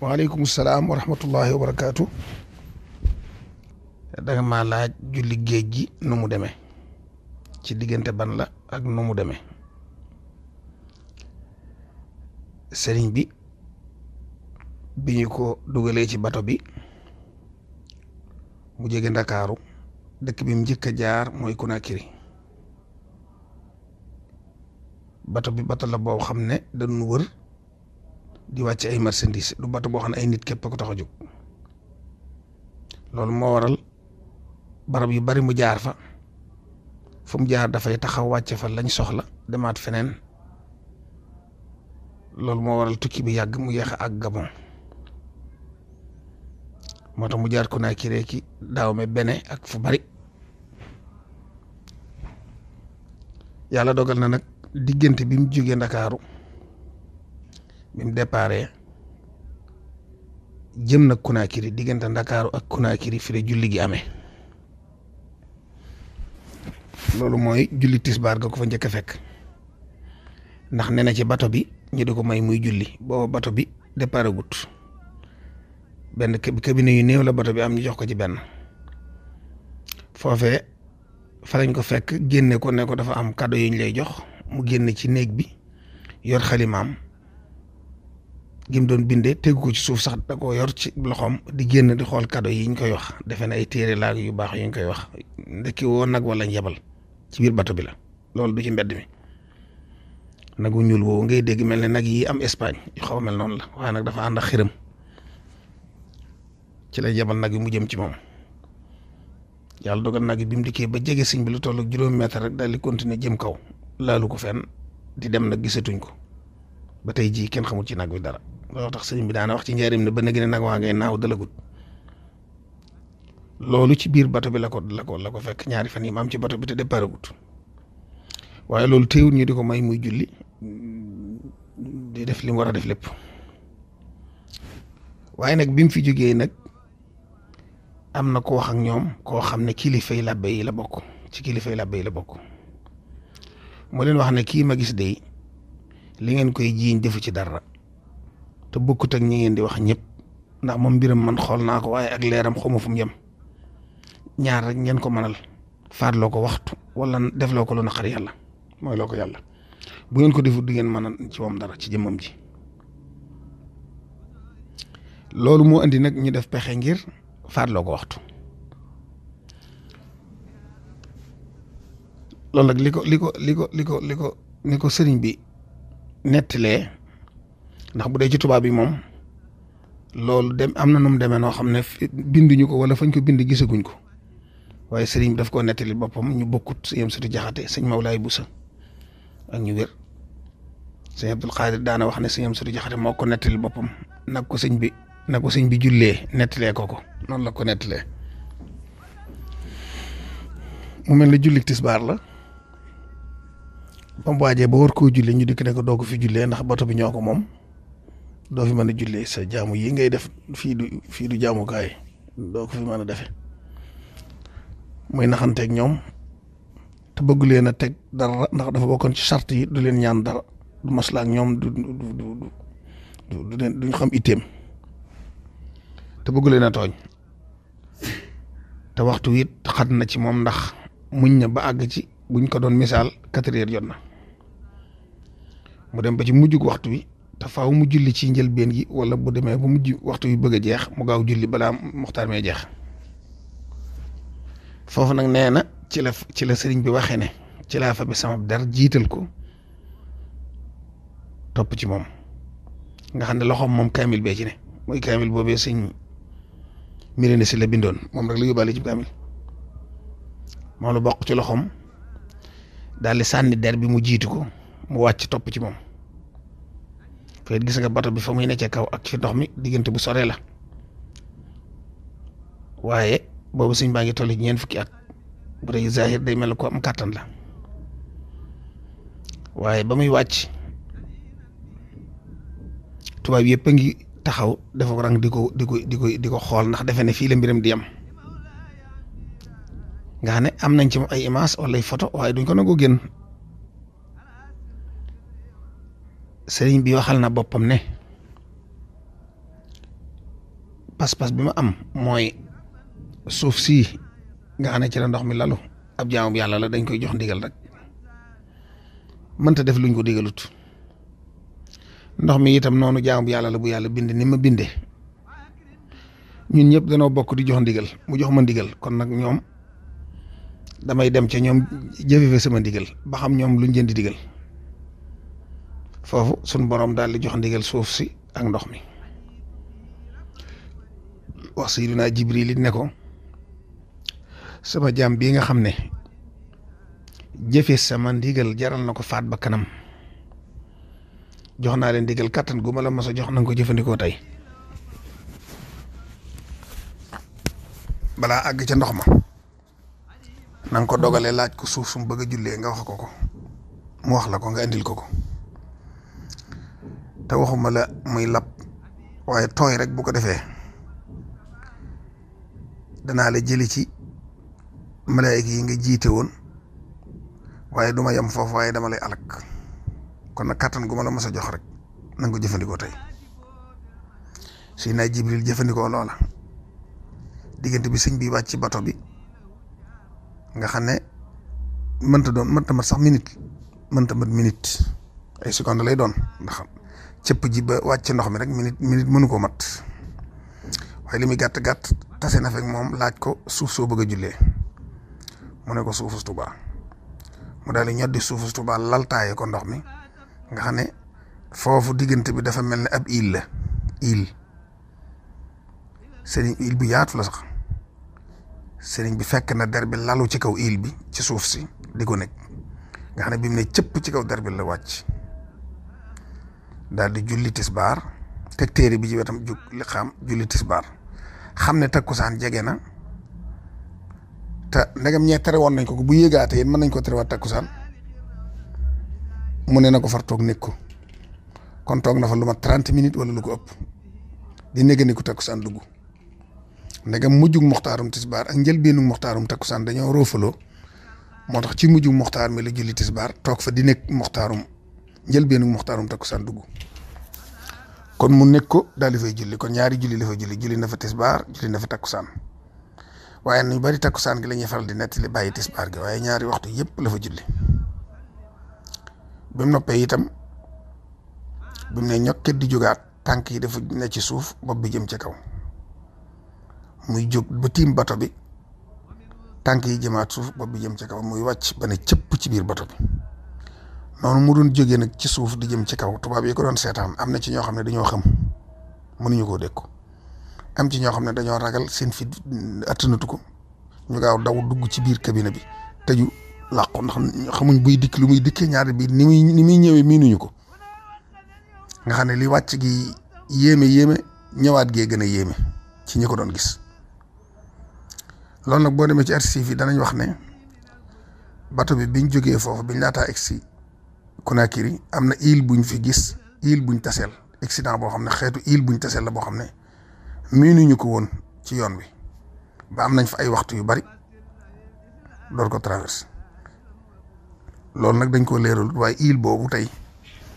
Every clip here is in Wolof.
waaleykum salaam wa rahmatullahi wa barakaatu. danga ma laaj julli géej gi nu mu demee ci diggante ban la ak nu mu demee sëriñ bi biñu ko dugalee ci bato bi mu jege ndakaaru dëkk bi mu njëkk a jaar mooy Conakry bato bi bato la boo xam ne da dañu wër. di wàcc ay marchandise du bato boo xam ne ay nit képp ko tax a jóg loolu moo waral barab yu bari mu jaar fa fu mu jaar dafay taxaw wàcce fa lañ soxla demaat feneen loolu moo waral tukki bi yàgg mu yeex ak Gabon moo tax mu jaar Conakry ki daaw me bene ak fu bari yàlla dogal na nag diggante bi mu jógee Ndakaaru bi mu déparé jëm nag Conakry diggante Ndakaaru ak Conakry fi la julli gi ame loolu mooy julli tisbaar ga ko fa njëkk a fekk ndax nee ci bato bi ñu di ko may muy julli booba bato bi départ gut benn cabine yu néew la bato bi am ñu jox ko ci benn foofe fa ko fekk génne ko ne ko dafa am cadeau yu ñu lay jox mu génn ci néeg bi yor xalimaam gim doon bindee tegu ko ci suuf sax da koo yor ci loxoom di génn di xool kado yi ñu koy wax defe na ay téere laag yu baax yu ñu koy wax ndekki woo nag wala yebal ci biir bato bi la loolu du ci mbedd mi nagu ñuul woowu ngay dégg mel ne nag yi am Espagne yu xaw mel noonu la waaye nag dafa ànd ak xiram ci la yebal nag yi mu jëm ci moom yàlla dogal nag yi bi mu dikkee ba jege siñ bi lu toll juróomi mètre rek daal di continuer jëm kaw laalu ko fen di dem nag gisatuñ ko ba tey kenn xamul ci nag dara. loo tax sëñ bi daana wax ci njaarim ne ba nag ne nag waa naaw dalagut loolu ci biir bato bi la ko la ko fekk ñaari fan yi am ci bato bi te départ gut waaye loolu téewul ñu di ko may muy julli di def lim war a def lépp waaye nag bi fi jógee nag am na ko wax ñoom koo xam ne kilifay làbbe yi la bokk ci kilifay làbbe yi la bokk moo leen wax ne kii ma gis de li ngeen koy jiiñ defu ci dara te bokkut ak ñi ngeen di wax ñëpp ndax moom mbiram man xool naa ko waaye ak leeram xawma fu mu ñaar rek ngeen ko mënal faatloo ko waxtu wala defloo ko lu naqar yàlla mooy loo ko yàlla bu ngeen ko defut di ngeen mën a ci moom dara ci jëmmam ji loolu moo indi nag ñu def pexe ngir faatloo ko waxtu loolu nag li ko li ko li ko li ko sëriñ bi nettalee ndax bu dee ci tubaab yi moom loolu dem am na nu mu demee noo xam ne binduñu ko wala fañ ko bind gisaguñ ko waaye sëriñ bi daf koo nettali boppam ñu sëñ yem sutu jaxate sëñ Mawlaay Busa ak ñu wér sëñ Abdul Xaadir daana wax ne sëñ yem sutu jaxate moo ko nettali boppam nag ko sëñ bi nag ko sëñ bi jullee nettalee ko ko noonu la ko nettalee mu mel ne jullik tisbaar la ba mu waajee ba war koo julli ñu dikk ne ko doo ko fi jullee ndax bato bi ñoo ko moom doo fi mën a jullee sa jaamu yi ngay def fii du fii du jaamukaay doo ko fi mën a defe muy naxanteeg ñoom te bëgg leen a teg dara ndax dafa bokkoon ci sart yi du leen ñaan dara maslaa ñoom du du xam itteem te bëgg leen a tooñ te waxtu wiit xat na ci moom ndax muñ na ba àgg ci buñ ko doon misaal quatre yoon na mu dem ba ci mujjug waxtu wi. te faaw mu julli ci njëlbeen gi wala bu demee ba mujj waxtu yu bëgg a jeex mu gaaw julli balaa muxtaar mee jeex foofu nag nee na ci la ci la sëriñ bi waxee ne ci laa fa bi sama dar jiital ko topp ci moom nga xam ne loxom moom kaamil bee ci ne mooy kaamil boobee sëñ mirina si la bindoon moom rek la yóbbaale ci kaamil moom la bokk ci loxoom daal di sànni der bi mu jiitu ko mu wàcc topp ci moom fee gis nga bato bi fa muy ne ca kaw ak ci ndox mi diggante bu sore la waaye boobu sëñ baa ngi ñeen fukki at bu zahir day mel ko am kàttan la waaye ba muy wàcc tubaab yëpp ngi taxaw dafa ko rang di ko di ko di ko di ko xool ndax defe ne fii la mbiram di am nga ne am nañ ci ay image wala ay photo waaye duñ ko nangoo génn sëriñ bi xal na boppam ne pas-pas bi ma am mooy suuf sii nga xam ne ci la ndox mi lalu ab jaamu bu yàlla la dañ koy jox ndigal rek mënta def luñ ko digalut ndox mi itam noonu jaamu bu yàlla la bu yàlla bind ni ma bindee ñun ñëpp danoo bokk di jox ndigal mu jox ma ndigal kon nag ñoom damay dem ca ñoom jëfe fa sama ndigal ba xam ñoom luñ jënd digal foofu suñ borom daal di jox ndigal suuf si ak ndox mi wax Sayyidina Jibril it ne ko sama jaam bii nga xam ne jëfe sama ndigal jaral na ko faat ba kanam jox naa leen ndigal kàttan gu ma la a jox na ko jëfandikoo tey balaa àgg ca ndox ma na ko dogalee laaj ko suuf su mu bëgg a jullee nga wax ko ko mu wax la ko nga indil ko ko. te waxuma la muy lab waaye tooy rek bu ko defee danaa la jëli ci malaayka kii nga jiite woon waaye du ma foofu waaye dama lay alak kon na kàttan gu ma la mos a jox rek na ko jëfandikoo tey suy naa jibril jëfandikoo loola diggante bi sëñ bi wàcc ci bato bi nga xam ne mënta doon mënta mat sax minute mënta mat minute ay seconde lay doon ndax cëpp ji ba wàcc ndox mi rek minute minute mënu koo mat waaye limi muy gàtt gàtt tase na fekk moom laaj ko suuf soo bëgg a jullee mu ne ko suufu tubaa mu daal di ñoddi suufu Tuubaa laltaaye ko ndox mi nga xam ne foofu diggante bi dafa mel ne ab île la île sëriñ île bu yaatu la sax sëriñ bi fekk na der lalu ci kaw île bi ci suuf si di ko nekk nga xam ne bi mu ne cëpp ci kaw der bi la wàcc. dal di julli tisbar teg téré bi ci wétam juk li xam julli tisbar xamné ne takkusaan jege na ta ndagam ñé téré won nañ ko bu yeen mën nañ ko terewaat takkusaan mu ne na far tok nekk kon tok na fa luma 30 minutes wala lu ko upp di négandiku niku takusan ndagam mujjuk muxtarum tisbar ak njëlbeenu moxtaarum takkusaan dañoo rofalo motax ci mujjuk muxtar mi la julli tisbar tok fa di nekk muxtarum njëlbéenu muxtaarum takkusaan dugg kon mu nekk ko daal di fay julli kon ñaari julli la fay julli julli na fa tisbaar julli na fa takkusaan waaye ñu bari takkusaan gi la ñuy faral di nettali bàyyi tisbaar gi waaye ñaari waxtu yëpp la fa julli bi mu noppee itam bi mu ne ñokket di jógaat tànk yi dafa ne ci suuf bopp bi jëm ci kaw muy jóg ba tiim bato bi tànk yi jëmaat suuf bopp bi jëm ci kaw muy wàcc ba cëpp ci biir bato bi. noonu mu doon jóge nag ci suuf di jëm ci kaw tubaab yi ko doon seetaan am na ci ñoo xam ne dañoo xam mënuñu koo dékku am ci ñoo xam ne dañoo ragal seen fit attanatu ko ñu gaaw daw dugg ci biir cabine bi tëju làqu ndax xamuñ buy dikk lu muy dikkee ñaari bi ni muy ni muy ñëwee miinuñu ko nga xam ne lii wàcc gi yéeme yéeme ñëwaat gee gën a yéeme ci ñi ko doon gis loolu nag boo demee ci archive yi danañ wax ne bato bi biñ jógee foofu biñ laataa egsi Conakry am na île buñ fi gis île buñ taseel accident boo xam ne xeetu île buñ taseel la boo xam ne miinuñu ko woon ci yoon bi ba am nañ fa ay waxtu yu bari door ko traverse loolu nag dañ ko leerul waaye île boobu tey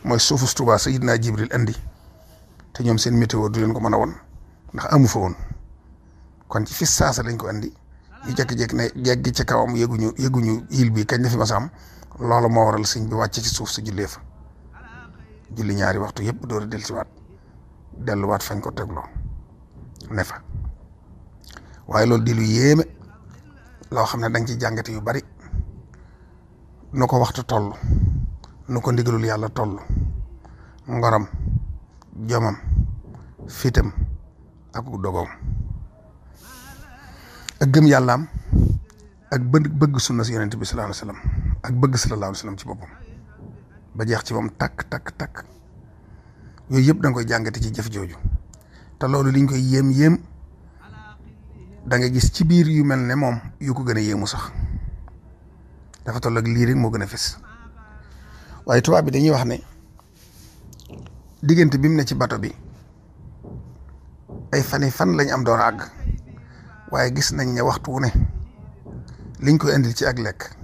mooy tubaa suufus Tuubaa naa Jibril andi te ñoom seen météo du leen ko mën a woon ndax amu fa woon kon ci fi saasa lañ ko andi ñu jékki-jékki ne jéggi ci kawam yëguñu yëguñu île bi kañ la fi lolu mo waral sëñ bi wacc ci suuf ci jullee fa julli ñaari waxtu del ci wat delu wat fañ ko teglo nefa waye lolu loolu di lu yéeme loo xam ne ci jangati yu bari nuko waxtu tollu nuko ndigalul yalla tollu ngoram jomam fitam ak dogoom ak gëm yàllaam ak bëgg sunna bi sallallahu alayhi wasallam ak bëgg sallallahu alayhi wa ci boppam ba jeex ci moom takk takk takk yooyu yëpp danga koy jàngate ci jëf jooju te loolu liñ koy yéem yéem da gis ci biir yu mel ne moom yu ko gën a yéemu sax dafa toll lii rek moo gën a fes waaye tubaab bi dañuy wax ne diggante bi mu ne ci bato bi ay fani fan lañ am door a àgg waaye gis nañ ne waxtu wu ne liñ koy indil ci ak lekk.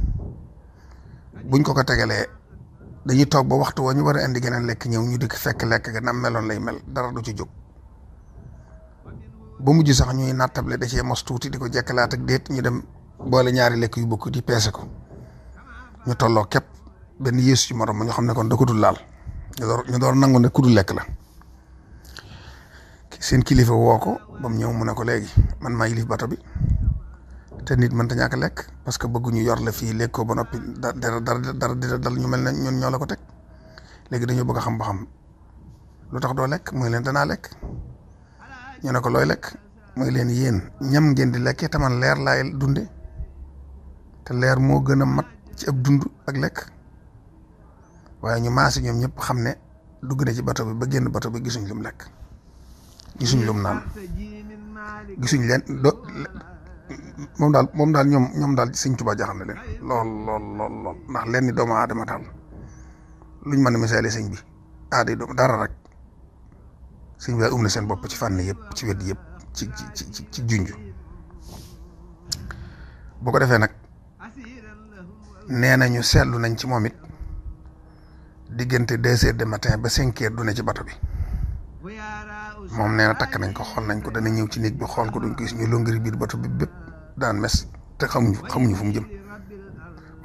bu ñu ko ko tegalee dañuy toog ba waxtu woo ñu war a indi geneen lekk ñëw ñu dikk fekk lekk ga nam meloon lay mel dara du ci jóg ba mujj sax ñuy nattable da cee mos tuuti di ko jekkalaat ak déet ñu dem boole ñaari lekk yu bokk di peese ko ñu tolloo képp benn yéesu ci morom ma ñu xam ne kon da laal ñu door ñu door nangu ne ku dul lekk la seen kilifa woo ko ba ñëw mu ne ko léegi man maa yilif bato bi te nit mën ta ñàkk lekk parce que bëgguñu yor la fii léeg ko ba noppi dara dara dara dina dal ñu mel na ñun ñoo ko teg léegi dañoo bëgg xam ba xam lu tax doo lekk muy leen danaa lekk ñu ne ko looy lekk muy leen yéen ñam ngeen di lekkee te leer laay dunde te leer moo gën a mat ci ab dund ak lekk waaye ñu maasi ñoom ñëpp xam ne dugg na ci bato bi ba génn bato bi gisuñ lum lekk gisuñ lum naan gisuñ leen moom daal moom daal ñoom ñoom daal sëñ Tuubaa jaaxal na leen lool lool lool lool ndax lenn doomu aadama daal luñ mën a misaale sëñ bi aada doom dara rek sëñ bi daal um na seen bopp ci fànn yëpp ci wet yëpp ci ci ci ci junj bu ko defee nag nee nañu seetlu nañ ci moom it diggante deux heures de matin ba cinq heures du ne ci bato bi. moom nee na takk nañ ko xool nañ ko dana ñëw ci néeg bi xool ko duñ ko gis ñu longiri biir bato bi bépp daan mes te xamuñu xamuñu fu mu jëm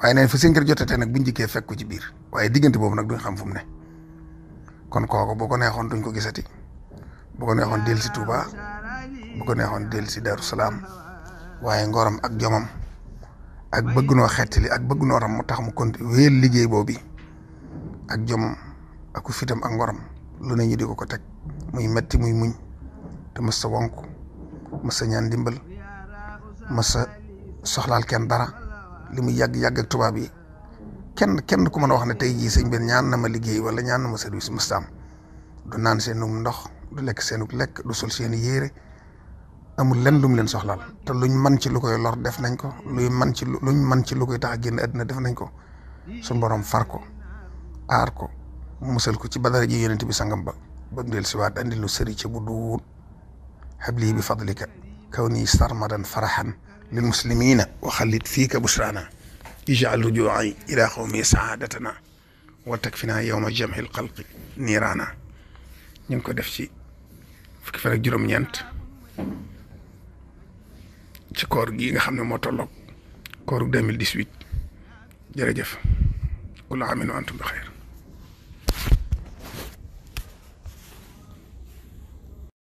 waaye neen fi seen kër jotatee nag bu njëkkee fekk ci biir waaye diggante boobu nag duñ xam fu mu ne kon kooku boo ko neexoon duñ ko gisati bu neexoon del si Touba bu ko neexoon del si Darou Salaam waaye ngorom ak jomam ak bëgg noo xettali ak bëgg noo ram mu tax mu konti wéel liggéey boobi ak jom ak fitam ak ngorom lu ne ñu di ko ko teg muy metti muy muñ te mës sa wonk mës ñaan dimbal mës soxlaal kenn dara li muy yàgg-yàgg tubaab yi kenn kenn ku mën a wax ne tey jii sëñ benn ñaan na ma liggéey wala ñaan na ma service mës am du naan seenum ndox du lekk seenuk lekk du sol seeni yéere amul lenn lu mu leen soxlaal te luñ man ci lu koy lor def nañ ko luy man ci luñ man ci lu koy tax a génn àddina def nañ ko su borom far ko aar ko musal ko ci badara ji yonent bi sangam ba ba ndel ci wat andil lu sëri ci bu duut habli bi fadlika kawni sarmadan farahan lil كوني سرمدا فرحا للمسلمين وخلد فيك بشرانا اجعل رجوعي إلى قومي سعادتنا وتكفنا يوم جمع القلق نيرانا نكو ديف سي فك فك جوروم ñent ci koor gi nga xam ne moo tolloog kooru 2018 jërëjëf amin wa antum bi khair